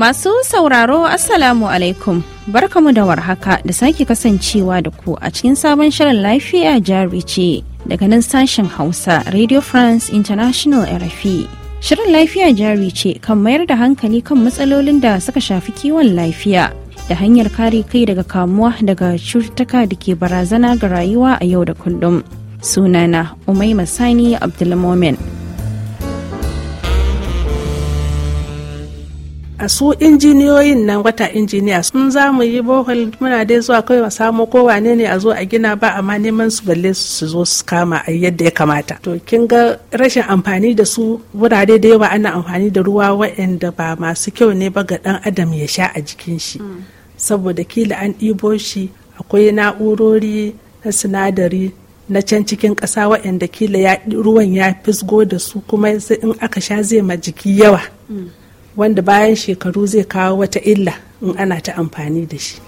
Masu sauraro Assalamu alaikum barkamu da warhaka da sake kasancewa da ku a cikin sabon shirin lafiya jari ce daga nan sashen Hausa Radio France International RFI. Shirin lafiya jari ce kan mayar da hankali kan matsalolin da suka shafi kiwon lafiya da hanyar kare kai daga kamuwa daga cututtuka da ke barazana ga rayuwa a yau da kullum. Sunana Umaima Sani Abdulmomin. a su injiniyoyin nan wata injiniya sun za mu yi bohol muna dai zuwa kawai mu samu ko wane ne a zo a gina ba amma neman su balle su zo su kama a yadda ya kamata to kin ga rashin amfani da su wurare da yawa ana amfani da ruwa waɗanda ba masu kyau ne ba ga dan adam ya sha a jikin shi mm. saboda kila an ɗibo shi akwai na'urori na sinadari na can cikin ƙasa waɗanda kila ruwan ya fisgo da su kuma in aka sha zai ma jiki yawa mm. wanda bayan shekaru zai kawo wata illa in ana ta amfani da shi.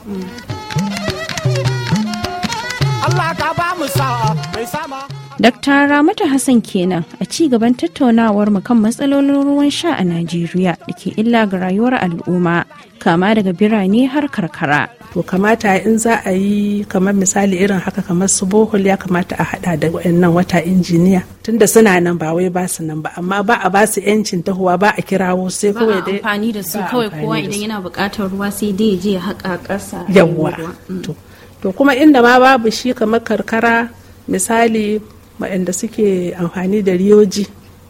Dakta ramatu Hassan kenan a ci gaban tattaunawar mu kan matsalolin ruwan sha a Najeriya da ke illa ga rayuwar al'umma kama daga birane har karkara. to kamata in za a yi kamar misali irin haka kamar su bohol ya kamata a hada da wayannan wata injiniya tunda suna nan ba wai ba su nan ba amma ba a ba su yancin tahowa ba a kirawo sai kawai dai amfani da su kawai kowa idan yana bukatar ruwa sai dai ya je haka kasa yawa mm. to to kuma inda ma babu shi kamar karkara misali waɗanda suke amfani da riyoji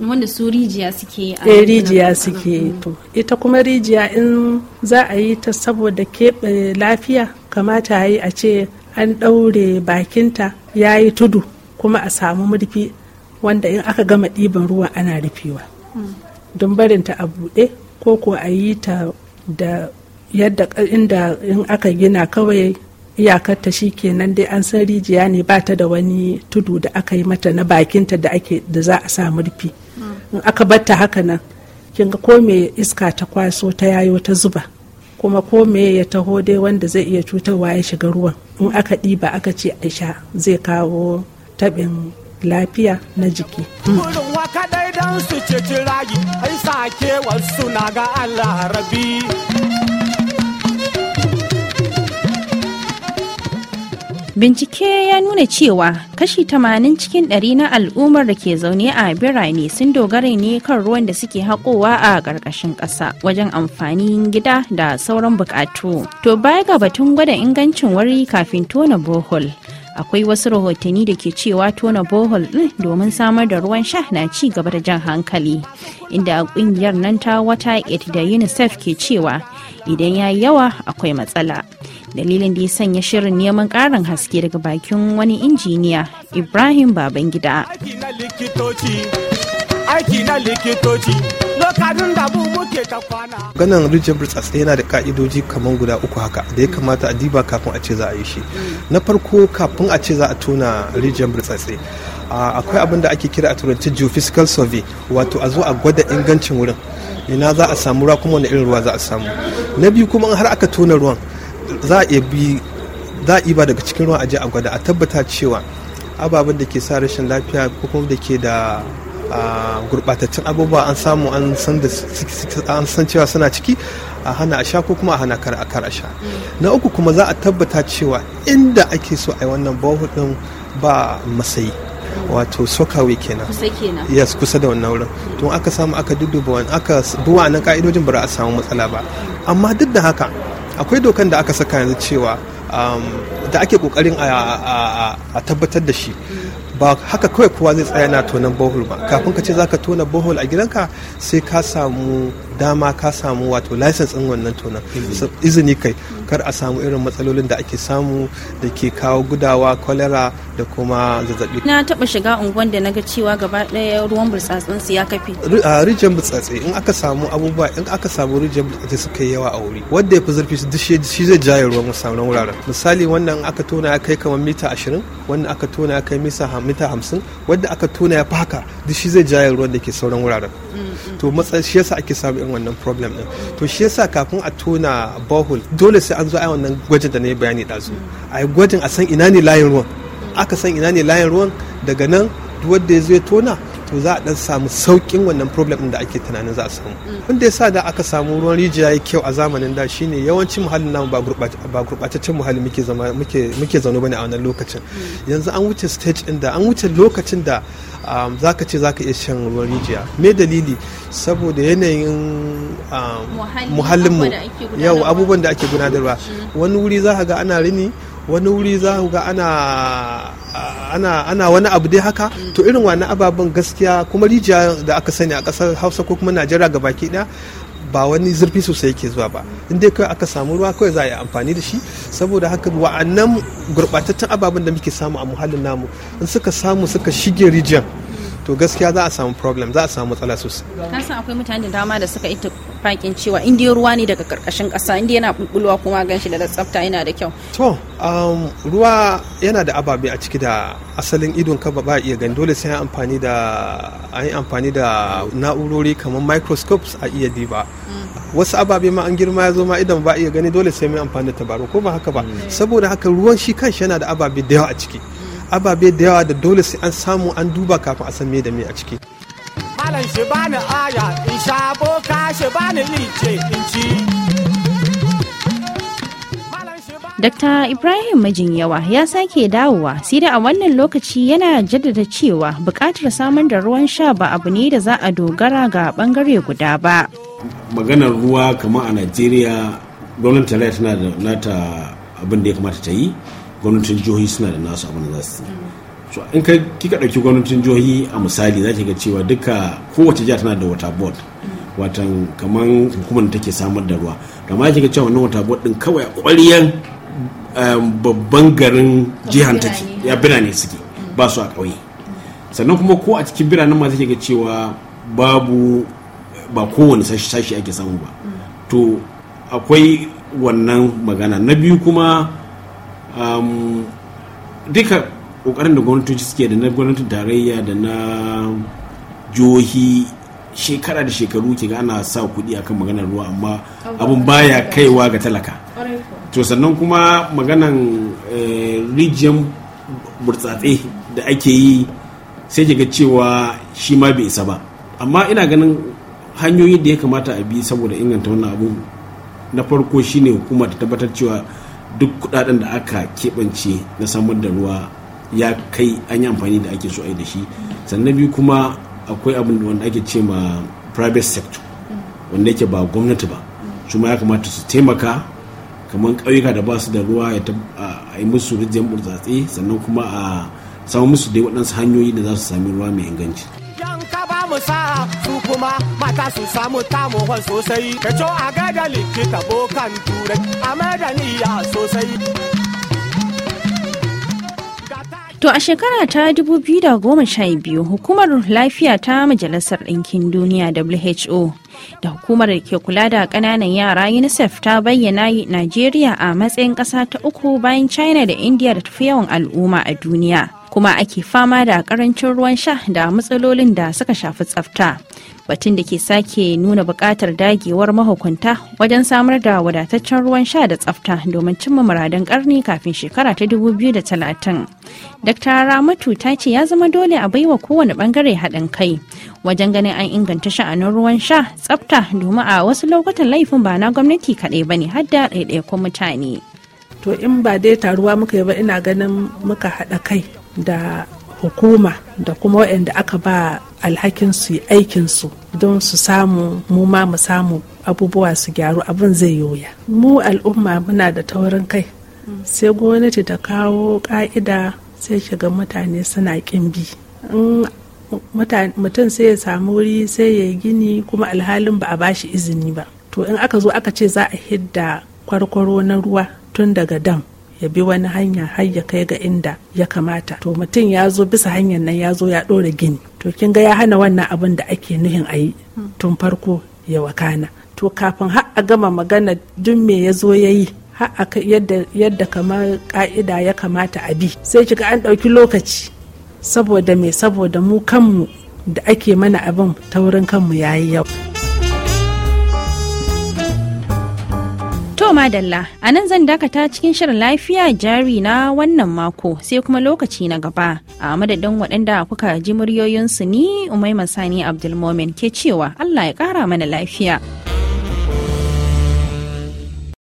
wanda su rijiya suke a eh, rijiya suke to ita kuma rijiya in za a yi ta saboda keɓe lafiya kamata yi a ce an ɗaure bakinta ya yi tudu kuma a samu murfi wanda in aka gama ɗiban ruwa ana rufewa hmm. don barinta a buɗe ko ko a yi ta da yadda inda in aka gina kawai iyakarta shi kenan dai an san rijiya ne ba ta da wani tudu da aka yi mata na bakinta da da za a sa murfi in aka batta haka nan kin ga ko me iska ta kwaso ta yayo ta zuba kuma ko me ya taho dai wanda zai iya cutarwa ya shiga ruwan in aka ɗiba aka ce a zai kawo tabin lafiya na jiki. Kurin waka dai su ai na ga Allah rabi. bincike ya nuna cewa kashi tamanin cikin ɗari na al'ummar da ke zaune a birane sun dogara ne kan ruwan da suke haƙowa a ƙarƙashin ƙasa wajen amfanin gida da sauran buƙatu to baya ga batun gwada ingancin wari kafin tona bohol akwai wasu rahotanni da ke cewa tona bohol ɗin domin samar da ruwan sha na ci gaba da jan hankali inda kungiyar nan ta wata da unicef ke cewa idan ya yawa akwai matsala dalilin da ya sanya shirin neman karin haske daga bakin wani injiniya ibrahim babangida aiki na likitoci Ganin rijiyar burtsatse yana da ka'idoji kamar guda uku haka da ya kamata a diba kafin a ce za a yi shi. Na farko kafin a ce za a tona rijiyar burtsatse. akwai abin da ake kira a turanci geophysical survey wato a zo a gwada ingancin wurin ina za a samu ruwa kuma wani irin ruwa za a samu na biyu kuma har aka tona ruwan za a bi za a ba daga cikin ruwan aje a gwada a tabbata cewa ababen da ke sa rashin lafiya ko kuma da ke da gurɓataccen abubuwa an samu an san cewa suna ciki a hana a sha ko kuma a hana kar a kar a sha na uku kuma za a tabbata cewa inda ake so a yi wannan bohol din ba masayi wato sokawe kenan yes kusa da wannan wurin Tun aka samu aka duduba wani aka buwa nan ka'idojin ba a samu matsala ba amma duk da haka akwai dokan da aka saka yanzu cewa um, da ake kokarin a tabbatar da shi ba haka kawai kowa zai tsaya na tonan bohol ba kafin ka ce za ka tona bohol a gidanka sai ka samu dama ka samu wato license ɗin wannan tonan izini kai kar a samu irin matsalolin da ake samu da ke kawo gudawa cholera da kuma zazzabi na taba shiga unguwan da naga cewa gaba ɗaya ruwan burtsatsin su ya kafe a rijiyar burtsatsi in aka samu abubuwa in aka samu rijin burtsatsi suka yi yawa a wuri wanda ya fi zurfi shi zai jaye ruwan musamman wuraren misali wannan aka tona ya kai kamar mita ashirin wannan aka tona ya kai mita hamsin wanda aka tona ya fi haka duk shi zai jaye ruwan da ke sauran wuraren to matsayin shi yasa ake samu irin wannan problem din to shi yasa kafin a tona bohol dole sai an zo a wannan gwajin da na yi bayani su mm. a yi gwajin a san ina ne layin ruwan mm. aka san ina ne layin ruwan daga nan wanda ya zo ya tona to za a dan samu saukin wannan problem da ake tunanin za a samu mm. wanda sa da aka samu ruwan rijiya ya kyau a zamanin da shine yawancin muhallin namu ba gurbataccen muhalli muke zama muke muke zaune bane a wannan lokacin mm. yanzu an wuce stage din da an wuce lokacin da um, zaka ce zaka iya shan ruwan rijiya me dalili saboda yanayin um, muhallin mu yau abubuwan da ake gudanarwa mm. wani wuri za ka ga ana rini wani wuri za ga ana ana ana wani abu dai haka to irin wani ababen gaskiya kuma rijiya da aka sani a kasar hausa ko kuma najeriya ga baki ɗaya ba wani zurfi sosai yake zuwa ba inda kai kawai aka samu ruwa kawai za a yi amfani da shi saboda haka wa'annan gurɓatattun ababen da muke samu a muhallin namu in suka samu suka shige rijiyar to gaskiya za a samu problem za a samu matsala sosai ka san akwai mutane da dama da suka yi fakin cewa indiya ruwa ne daga karkashin kasa indiya yana bulbulwa kuma gan shi da tsafta yana da kyau to um, ruwa yana da ababe a ciki da asalin idon ka ba iya gani dole sai an amfani da amfani da na'urori kamar microscopes a iya diba mm. wasu ababe ma an girma ya zo ma idan ba iya gani dole sai mai amfani da tabaru ko ba haka ba mm. saboda haka ruwan shi kanshi yana da ababe da yawa a ciki ababe da yawa da dole sai an samu an duba kafin a san me da me a ciki malam shi bani aya in sha boka shi bani lice in ci Dakta Ibrahim Yawa ya sake dawowa sai da a wannan lokaci yana jaddada cewa bukatar samar da ruwan sha ba abu ne da za a dogara ga bangare guda ba. Maganar ruwa kama a Najeriya gwamnati tarayya tana da nata abin da ya kamata ta yi gwamnatin jihohi suna da nasu abin da za su so in ka kika ɗauki gwamnatin jihohi a misali za ki ga cewa duka kowace jiha tana da wata board watan kamar hukumar take samar da ruwa amma kika cewa wannan wata board din kawai ƙwaryan um, babban garin jihar take ya birane suke ba su a ƙauye sannan kuma ko a cikin biranen ma take ga cewa babu ba kowane sashi ake samu ba to akwai wannan magana na biyu kuma Um, duka kokarin da gwamnatoci suke da na gwamnatin tarayya da na jihohi shekara da shekaru ke ana sa kuɗi akan maganar ruwa amma abun baya kaiwa ga talaka to sannan kuma maganan eh, rijiyar burtsatse da ake yi sai ga cewa shi ma bai isa ba amma ina ganin hanyoyi da ya kamata a bi saboda inganta wannan abu na farko shine hukumar ta tabbatar cewa duk kudaden da aka keɓance na samar da ruwa ya kai an yi amfani da ake so a yi da shi sannan biyu kuma akwai abin da wanda ake ce ma private sector wanda yake ba gwamnati ba su ma ya kamata su taimaka kamar ƙauyuka da ba su da ruwa a yi musu rijiyar burtsatse sannan kuma a samu musu dai waɗansu hanyoyi da za su sami ruwa mai inganci mata su samu hon sosai ka co a gada likita bokan turai a madaniya sosai To a shekara ta 2012 hukumar lafiya ta Majalisar Ɗinkin Duniya WHO da hukumar da ke kula da ƙananan yara UNICEF ta bayyana Najeriya a matsayin ƙasa ta uku bayan China da India da tafi yawan al'umma a duniya. kuma ake fama da karancin ruwan sha da matsalolin da suka shafi tsafta batun da ke sake nuna bukatar dagewar mahukunta wajen samar da wadataccen ruwan sha da tsafta domin cimma muradan karni kafin shekara ta 2030 dr ramatu ta ce ya zama dole a baiwa kowane bangare haɗin kai wajen ganin an inganta sha'anin ruwan sha tsafta domin a wasu lokutan laifin ba na gwamnati kaɗai ba ne har da ɗaiɗaikun mutane to in ba dai taruwa muka yi ba ina ganin muka haɗa kai da hukuma da kuma waɗanda aka ba alhakin su yi su don su samu mu ma mu samu abubuwa su gyaru abin zai yoya mu al'umma muna da taurin kai sai gwamnati ta kawo ka'ida sai shiga mutane suna kin bi mutum sai ya samu wuri sai ya gini kuma alhalin ba a bashi izini ba to in aka zo aka ce za a hidda kwarkwaro na ruwa tun daga dam ya bi wani hanya har ya kai ga inda ya kamata to mutum ya zo bisa hanyar nan ya zo ya ɗora gini to kin ga ya hana wannan abin da ake nuhin a yi tun farko ya wakana to kafin har a gama magana duk me ya zo ya yi yadda kamar ka'ida ya kamata a bi sai kiga an ɗauki lokaci saboda me saboda mu kanmu da ake mana abin taurin kanmu yayi yau. To madalla, a nan zan dakata cikin shirin lafiya jari na wannan mako sai kuma lokaci na gaba. A madadin waɗanda kuka ji muryoyinsu ni Umaima masani Abdulmomin ke cewa Allah ya ƙara mana lafiya.